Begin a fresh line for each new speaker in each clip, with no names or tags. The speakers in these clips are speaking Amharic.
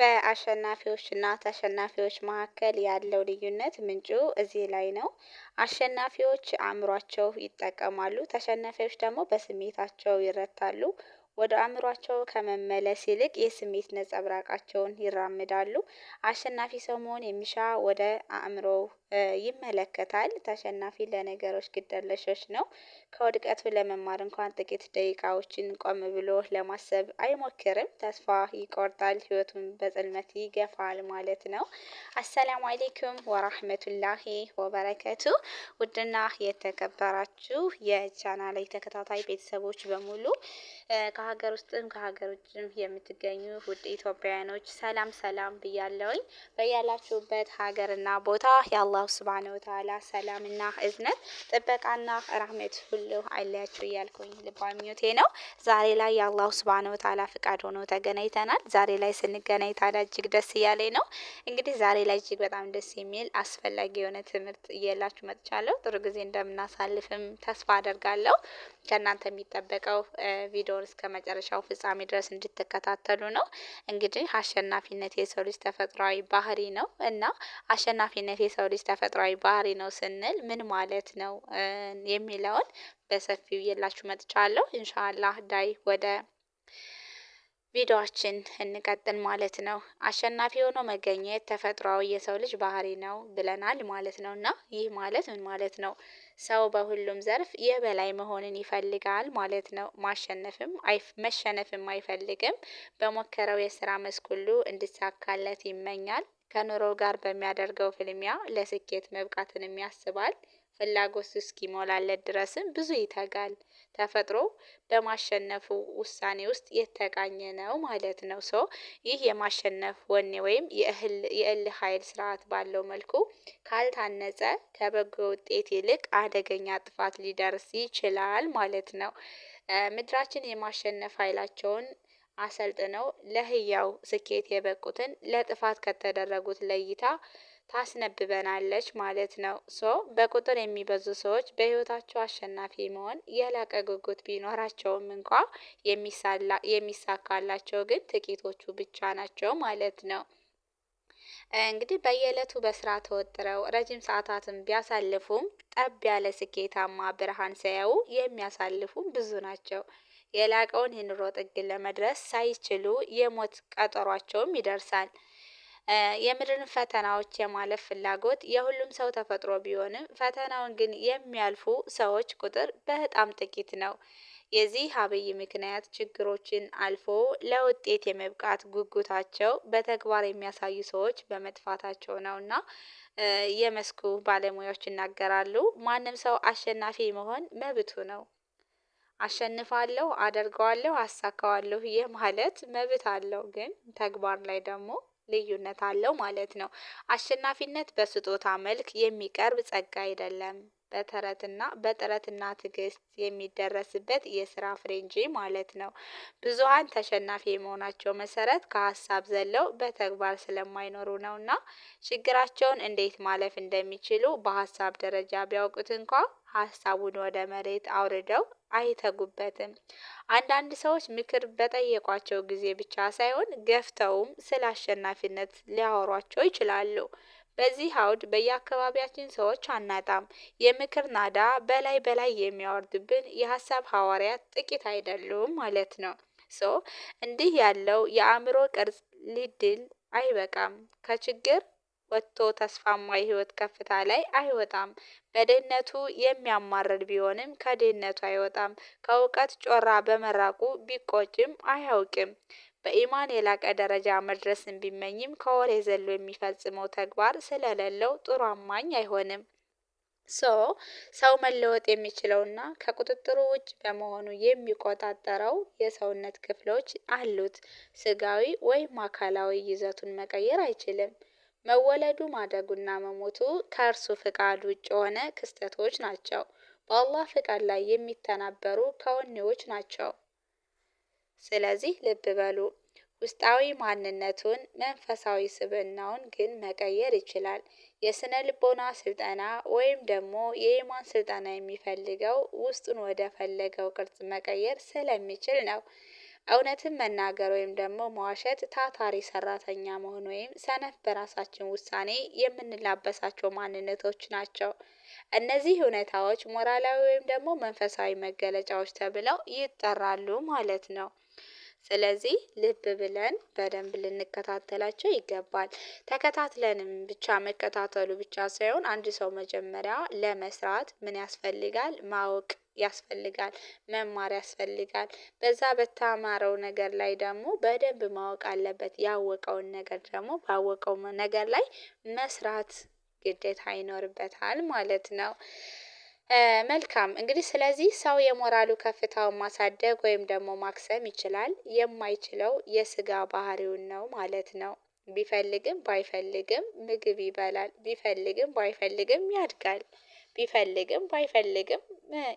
በአሸናፊዎች እና ተሸናፊዎች መካከል ያለው ልዩነት ምንጩ እዚህ ላይ ነው። አሸናፊዎች አእምሯቸው ይጠቀማሉ ተሸናፊዎች ደግሞ በስሜታቸው ይረታሉ። ወደ አእምሯቸው ከመመለስ ይልቅ የስሜት ነፀብራቃቸውን ይራመዳሉ። አሸናፊ ሰው መሆን የሚሻ ወደ አእምሮው ይመለከታል ተሸናፊ ለነገሮች ግደለሾች ነው። ከውድቀቱ ለመማር እንኳን ጥቂት ደቂቃዎችን ቆም ብሎ ለማሰብ አይሞክርም ተስፋ ይቆርጣል ህይወቱን በጽልመት ይገፋል ማለት ነው። አሰላሙ አሌይኩም ወራህመቱላሂ ወበረከቱ ውድና የተከበራችሁ ላይ ተከታታይ ቤተሰቦች በሙሉ ከሀገር ውስጥም ከሀገር ውጭም የምትገኙ ውድ ኢትዮጵያውያኖች ሰላም ሰላም ብያለውኝ በያላችሁበት ሀገርና ቦታ የአላ አላሁ ስብሓነ ወተዓላ ሰላምና እዝነት ጥበቃና ራህመት ሁሉ አይለያችሁ እያልኩኝ ልባ ምኞቴ ነው። ዛሬ ላይ የአላሁ ስብሓነ ወተዓላ ፍቃድ ሆኖ ተገናኝተናል። ዛሬ ላይ ስንገናኝ ታዲያ እጅግ ደስ እያለ ነው። እንግዲህ ዛሬ ላይ እጅግ በጣም ደስ የሚል አስፈላጊ የሆነ ትምህርት እየላችሁ መጥቻለሁ። ጥሩ ጊዜ እንደምናሳልፍም ተስፋ አደርጋለሁ። ከእናንተ የሚጠበቀው ቪዲዮን እስከ መጨረሻው ፍጻሜ ድረስ እንድትከታተሉ ነው። እንግዲህ አሸናፊነት የሰው ልጅ ተፈጥሯዊ ባህሪ ነው እና አሸናፊነት የሰው ልጅ ተፈጥሯዊ ባህሪ ነው ስንል ምን ማለት ነው የሚለውን በሰፊው የላችሁ መጥቻለሁ። ኢንሻአላህ ዳይ ወደ ቪዲዮችን እንቀጥል ማለት ነው። አሸናፊ ሆኖ መገኘት ተፈጥሯዊ የሰው ልጅ ባህሪ ነው ብለናል ማለት ነው እና ይህ ማለት ምን ማለት ነው? ሰው በሁሉም ዘርፍ የበላይ መሆንን ይፈልጋል ማለት ነው። ማሸነፍም መሸነፍም አይፈልግም። በሞከረው የስራ መስክ ሁሉ እንዲሳካለት ይመኛል። ከኑሮ ጋር በሚያደርገው ፍልሚያ ለስኬት መብቃትንም ያስባል። ፍላጎት እስኪሞላለት ድረስም ብዙ ይተጋል። ተፈጥሮ በማሸነፉ ውሳኔ ውስጥ የተቃኘ ነው ማለት ነው። ሰው ይህ የማሸነፍ ወኔ ወይም የእልህ ኃይል ስርዓት ባለው መልኩ ካልታነጸ ከበጎ ውጤት ይልቅ አደገኛ ጥፋት ሊደርስ ይችላል ማለት ነው። ምድራችን የማሸነፍ ኃይላቸውን አሰልጥነው ለህያው ስኬት የበቁትን ለጥፋት ከተደረጉት ለይታ ታስነብበናለች ማለት ነው። ሶ በቁጥር የሚበዙ ሰዎች በህይወታቸው አሸናፊ መሆን የላቀ ጉጉት ቢኖራቸውም እንኳ የሚሳካላቸው ግን ጥቂቶቹ ብቻ ናቸው ማለት ነው። እንግዲህ በየዕለቱ በስራ ተወጥረው ረጅም ሰዓታትን ቢያሳልፉም ጠብ ያለ ስኬታማ ብርሃን ሳያዩ የሚያሳልፉም ብዙ ናቸው። የላቀውን የኑሮ ጥግን ለመድረስ ሳይችሉ የሞት ቀጠሯቸውም ይደርሳል። የምድርን ፈተናዎች የማለፍ ፍላጎት የሁሉም ሰው ተፈጥሮ ቢሆንም ፈተናውን ግን የሚያልፉ ሰዎች ቁጥር በጣም ጥቂት ነው። የዚህ አብይ ምክንያት ችግሮችን አልፎ ለውጤት የመብቃት ጉጉታቸው በተግባር የሚያሳዩ ሰዎች በመጥፋታቸው ነው እና የመስኩ ባለሙያዎች ይናገራሉ። ማንም ሰው አሸናፊ መሆን መብቱ ነው። አሸንፋለሁ፣ አደርገዋለሁ፣ አሳካዋለሁ ይህ ማለት መብት አለው። ግን ተግባር ላይ ደግሞ ልዩነት አለው ማለት ነው። አሸናፊነት በስጦታ መልክ የሚቀርብ ጸጋ አይደለም። በተረትና በጥረትና ትዕግስት የሚደረስበት የስራ ፍሬ እንጂ ማለት ነው። ብዙሀን ተሸናፊ የመሆናቸው መሰረት ከሀሳብ ዘለው በተግባር ስለማይኖሩ ነውና ችግራቸውን እንዴት ማለፍ እንደሚችሉ በሀሳብ ደረጃ ቢያውቁት እንኳ ሀሳቡን ወደ መሬት አውርደው አይተጉበትም። አንዳንድ ሰዎች ምክር በጠየቋቸው ጊዜ ብቻ ሳይሆን ገፍተውም ስለ አሸናፊነት ሊያወሯቸው ይችላሉ። በዚህ አውድ በየአካባቢያችን ሰዎች አናጣም። የምክር ናዳ በላይ በላይ የሚያወርድብን የሀሳብ ሐዋርያት ጥቂት አይደሉም ማለት ነው። ሶ እንዲህ ያለው የአእምሮ ቅርጽ ሊድል አይበቃም ከችግር ወጥቶ ተስፋማ የህይወት ከፍታ ላይ አይወጣም። በድህነቱ የሚያማርር ቢሆንም ከድህነቱ አይወጣም። ከእውቀት ጮራ በመራቁ ቢቆጭም አያውቅም። በኢማን የላቀ ደረጃ መድረስን ቢመኝም ከወሬ ዘሎ የሚፈጽመው ተግባር ስለሌለው ጥሩ አማኝ አይሆንም። ሶ ሰው መለወጥ የሚችለውና ከቁጥጥሩ ውጭ በመሆኑ የሚቆጣጠረው የሰውነት ክፍሎች አሉት። ስጋዊ ወይም አካላዊ ይዘቱን መቀየር አይችልም። መወለዱ ማደጉና መሞቱ ከእርሱ ፍቃድ ውጭ የሆነ ክስተቶች ናቸው። በአላህ ፍቃድ ላይ የሚተናበሩ ከወኔዎች ናቸው። ስለዚህ ልብ በሉ። ውስጣዊ ማንነቱን መንፈሳዊ ስብዕናውን ግን መቀየር ይችላል። የስነ ልቦና ስልጠና ወይም ደግሞ የኢማን ስልጠና የሚፈልገው ውስጡን ወደ ፈለገው ቅርጽ መቀየር ስለሚችል ነው። እውነትን መናገር ወይም ደግሞ መዋሸት ታታሪ ሰራተኛ መሆን ወይም ሰነፍ በራሳችን ውሳኔ የምንላበሳቸው ማንነቶች ናቸው። እነዚህ እውነታዎች ሞራላዊ ወይም ደግሞ መንፈሳዊ መገለጫዎች ተብለው ይጠራሉ ማለት ነው ስለዚህ ልብ ብለን በደንብ ልንከታተላቸው ይገባል። ተከታትለንም ብቻ መከታተሉ ብቻ ሳይሆን አንድ ሰው መጀመሪያ ለመስራት ምን ያስፈልጋል ማወቅ ያስፈልጋል መማር ያስፈልጋል። በዛ በተማረው ነገር ላይ ደግሞ በደንብ ማወቅ አለበት ያወቀውን ነገር ደግሞ ባወቀው ነገር ላይ መስራት ግዴታ ይኖርበታል ማለት ነው። መልካም እንግዲህ ስለዚህ ሰው የሞራሉ ከፍታውን ማሳደግ ወይም ደግሞ ማክሰም ይችላል የማይችለው የስጋ ባህሪውን ነው ማለት ነው። ቢፈልግም ባይፈልግም ምግብ ይበላል ቢፈልግም ባይፈልግም ያድጋል ቢፈልግም ባይፈልግም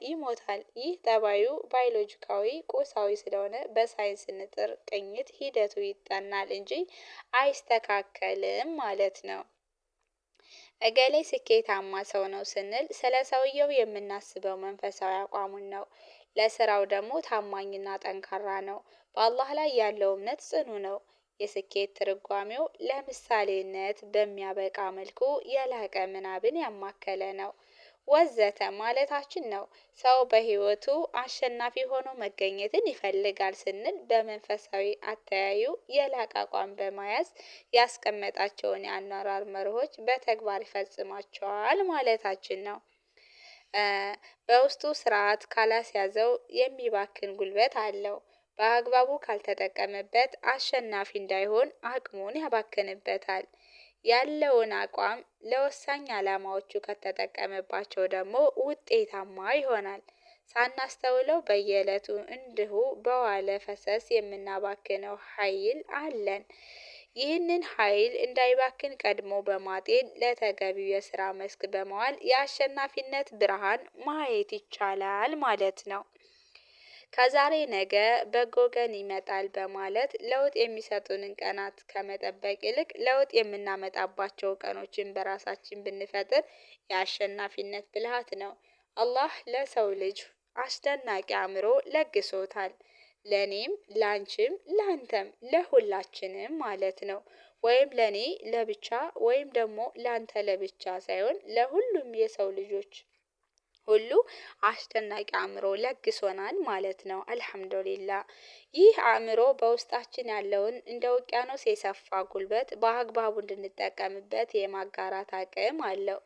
ይሞታል ይህ ጠባዩ ባዮሎጂካዊ ቁሳዊ ስለሆነ በሳይንስ ንጥር ቅኝት ሂደቱ ይጠናል እንጂ አይስተካከልም ማለት ነው እገሌ ስኬታማ ሰው ነው ስንል ስለ ሰውየው የምናስበው መንፈሳዊ አቋሙን ነው። ለስራው ደግሞ ታማኝና ጠንካራ ነው። በአላህ ላይ ያለው እምነት ጽኑ ነው። የስኬት ትርጓሜው ለምሳሌነት በሚያበቃ መልኩ የላቀ ምናብን ያማከለ ነው። ወዘተ ማለታችን ነው። ሰው በህይወቱ አሸናፊ ሆኖ መገኘትን ይፈልጋል ስንል በመንፈሳዊ አተያዩ የላቀ አቋም በመያዝ ያስቀመጣቸውን የአኗኗር መርሆች በተግባር ይፈጽማቸዋል ማለታችን ነው። በውስጡ ስርዓት ካላስያዘው የሚባክን ጉልበት አለው። በአግባቡ ካልተጠቀመበት አሸናፊ እንዳይሆን አቅሙን ያባክንበታል ያለውን አቋም ለወሳኝ ዓላማዎቹ ከተጠቀመባቸው ደግሞ ውጤታማ ይሆናል። ሳናስተውለው በየዕለቱ እንዲሁ በዋለ ፈሰስ የምናባክነው ኃይል አለን። ይህንን ኃይል እንዳይባክን ቀድሞ በማጤን ለተገቢው የስራ መስክ በመዋል የአሸናፊነት ብርሃን ማየት ይቻላል ማለት ነው። ከዛሬ ነገ በጎ ቀን ይመጣል በማለት ለውጥ የሚሰጡንን ቀናት ከመጠበቅ ይልቅ ለውጥ የምናመጣባቸው ቀኖችን በራሳችን ብንፈጥር የአሸናፊነት ብልሃት ነው። አላህ ለሰው ልጅ አስደናቂ አእምሮ ለግሶታል። ለኔም ላንቺም ላንተም ለሁላችንም ማለት ነው። ወይም ለኔ ለብቻ ወይም ደግሞ ላንተ ለብቻ ሳይሆን ለሁሉም የሰው ልጆች ሁሉ አስደናቂ አእምሮ ለግሶናል ማለት ነው። አልሐምዱሊላ ይህ አእምሮ በውስጣችን ያለውን እንደ ውቅያኖስ የሰፋ ጉልበት በአግባቡ እንድንጠቀምበት የማጋራት አቅም አለው።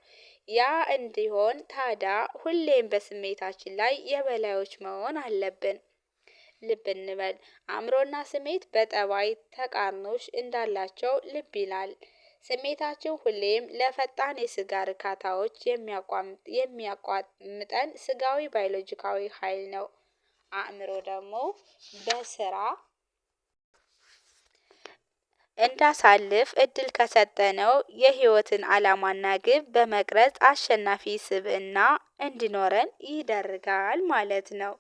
ያ እንዲሆን ታዲያ ሁሌም በስሜታችን ላይ የበላዮች መሆን አለብን። ልብ እንበል አእምሮና ስሜት በጠባይ ተቃርኖች እንዳላቸው ልብ ይላል ስሜታችን ሁሌም ለፈጣን የስጋ እርካታዎች የሚያቋምጠን ስጋዊ ባዮሎጂካዊ ኃይል ነው። አእምሮ ደግሞ በስራ እንዳሳልፍ እድል ከሰጠነው የህይወትን አላማና ግብ በመቅረጽ አሸናፊ ስብዕና እንዲኖረን ይደርጋል ማለት ነው።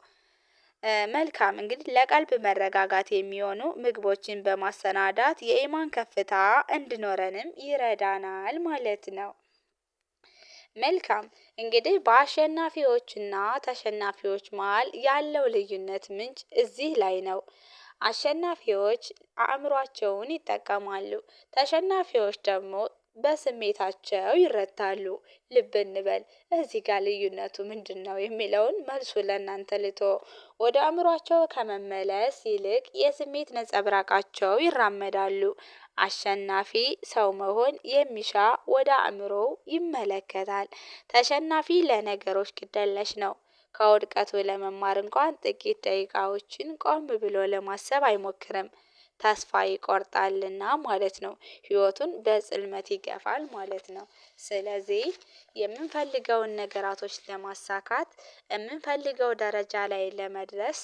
መልካም እንግዲህ ለቀልብ መረጋጋት የሚሆኑ ምግቦችን በማሰናዳት የኢማን ከፍታ እንዲኖረንም ይረዳናል ማለት ነው። መልካም እንግዲህ በአሸናፊዎችና ተሸናፊዎች መሃል ያለው ልዩነት ምንጭ እዚህ ላይ ነው። አሸናፊዎች አእምሯቸውን ይጠቀማሉ ተሸናፊዎች ደግሞ በስሜታቸው ይረታሉ። ልብ እንበል እዚህ ጋር ልዩነቱ ምንድነው? የሚለውን መልሱ ለእናንተ ልቶ ወደ አእምሯቸው ከመመለስ ይልቅ የስሜት ነፀብራቃቸው ይራመዳሉ። አሸናፊ ሰው መሆን የሚሻ ወደ አእምሮው ይመለከታል። ተሸናፊ ለነገሮች ግደለሽ ነው። ከውድቀቱ ለመማር እንኳን ጥቂት ደቂቃዎችን ቆም ብሎ ለማሰብ አይሞክርም ተስፋ ይቆርጣልና ማለት ነው። ህይወቱን በጽልመት ይገፋል ማለት ነው። ስለዚህ የምንፈልገውን ነገራቶች ለማሳካት የምንፈልገው ደረጃ ላይ ለመድረስ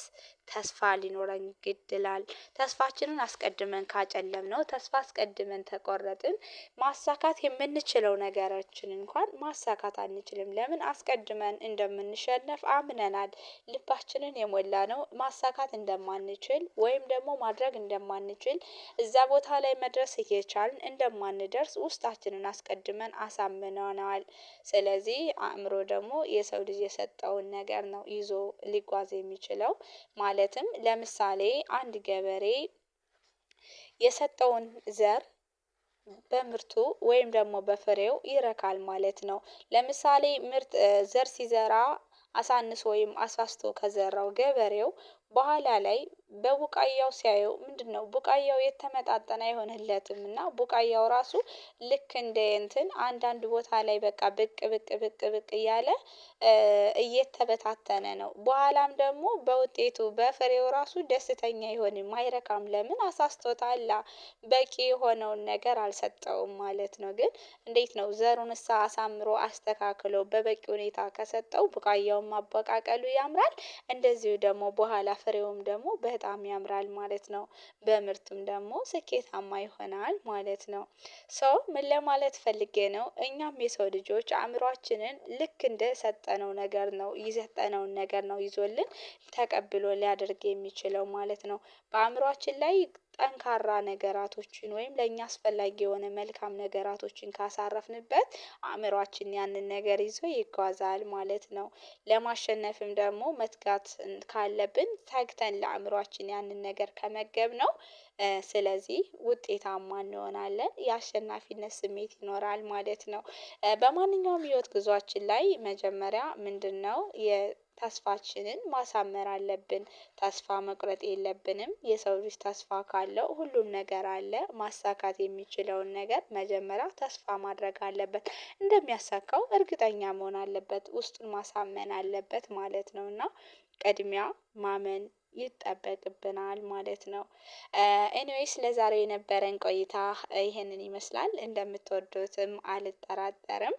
ተስፋ ሊኖረን ይገድላል። ተስፋችንን አስቀድመን ነው ተስፋ አስቀድመን ተቆረጥን ማሳካት የምንችለው ነገራችን እንኳን ማሳካት አንችልም። ለምን አስቀድመን እንደምንሸነፍ አምነናል። ልባችንን የሞላነው ማሳካት እንደማንችል ወይም ደግሞ ማድረግ እንደማንችል እዛ ቦታ ላይ መድረስ እየቻልን እንደማንደርስ ውስጣችንን አስቀድመን አሳምነናል። ስለዚህ አእምሮ ደግሞ የሰው ልጅ የሰጠውን ነገር ነው ይዞ ሊጓዝ የሚችለው ማለትም ለምሳሌ አንድ ገበሬ የሰጠውን ዘር በምርቱ ወይም ደግሞ በፍሬው ይረካል ማለት ነው። ለምሳሌ ምርት ዘር ሲዘራ አሳንሶ ወይም አሳስቶ ከዘራው ገበሬው በኋላ ላይ በቡቃያው ሲያየው ምንድነው ቡቃያው የተመጣጠነ አይሆንለትም እና ቡቃያው ራሱ ልክ እንደ እንትን አንዳንድ ቦታ ላይ በቃ ብቅ ብቅ ብቅ ብቅ እያለ እየተበታተነ ነው በኋላም ደግሞ በውጤቱ በፍሬው ራሱ ደስተኛ አይሆንም አይረካም ለምን አሳስቶታላ በቂ የሆነውን ነገር አልሰጠውም ማለት ነው። ግን እንዴት ነው ዘሩንሳ አሳምሮ አስተካክሎ በበቂ ሁኔታ ከሰጠው ቡቃያውን ማበቃቀሉ ያምራል እንደዚሁ ደግሞ በኋላ ፍሬውም ደግሞ በጣም ያምራል ማለት ነው። በምርቱም ደግሞ ስኬታማ ይሆናል ማለት ነው። ሰው ምን ለማለት ፈልጌ ነው እኛም የሰው ልጆች አእምሯችንን ልክ ሰጠነው ነገር ነው የሰጠነውን ነገር ነው ይዞልን ተቀብሎ ሊያደርግ የሚችለው ማለት ነው። በአእምሯችን ላይ ጠንካራ ነገራቶችን ወይም ለእኛ አስፈላጊ የሆነ መልካም ነገራቶችን ካሳረፍንበት አእምሯችን ያንን ነገር ይዞ ይጓዛል ማለት ነው። ለማሸነፍም ደግሞ መትጋት ካለብን ተግተን ለአእምሯችን ያንን ነገር ከመገብ ነው። ስለዚህ ውጤታማ እንሆናለን የአሸናፊነት ስሜት ይኖራል ማለት ነው። በማንኛውም ህይወት ጉዞአችን ላይ መጀመሪያ ምንድን ነው? ተስፋችንን ማሳመር አለብን። ተስፋ መቁረጥ የለብንም የሰው ልጅ ተስፋ ካለው ሁሉም ነገር አለ ማሳካት የሚችለውን ነገር መጀመሪያ ተስፋ ማድረግ አለበት እንደሚያሳካው እርግጠኛ መሆን አለበት ውስጡን ማሳመን አለበት ማለት ነው። እና ቅድሚያ ማመን ይጠበቅብናል ማለት ነው። ኤኒዌይስ ለዛሬ የነበረን ቆይታ ይህንን ይመስላል እንደምትወዱትም አልጠራጠርም።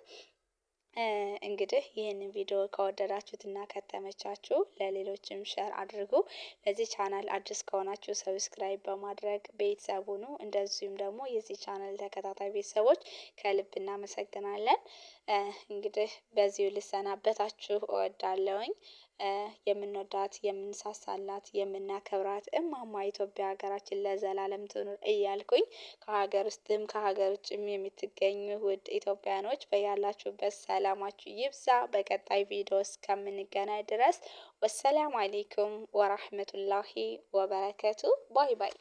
እንግዲህ ይህንን ቪዲዮ ከወደዳችሁት እና ከተመቻችሁ ለሌሎችም ሸር አድርጉ። ለዚህ ቻናል አዲስ ከሆናችሁ ሰብስክራይብ በማድረግ ቤተሰብ ሁኑ። እንደዚሁም ደግሞ የዚህ ቻናል ተከታታይ ቤተሰቦች ከልብ እናመሰግናለን። እንግዲህ በዚሁ ልሰናበታችሁ እወዳለሁኝ። የምንወዳት የምንሳሳላት የምናከብራት እማማ ኢትዮጵያ ሀገራችን ለዘላለም ትኑር እያልኩኝ ከሀገር ውስጥም ከሀገር ውጭም የምትገኙ ውድ ኢትዮጵያኖች በያላችሁበት ሰላማችሁ ይብዛ። በቀጣይ ቪዲዮ እስከምንገናኝ ድረስ ወሰላም አሌይኩም ወራህመቱላሂ ወበረከቱ። ባይ ባይ።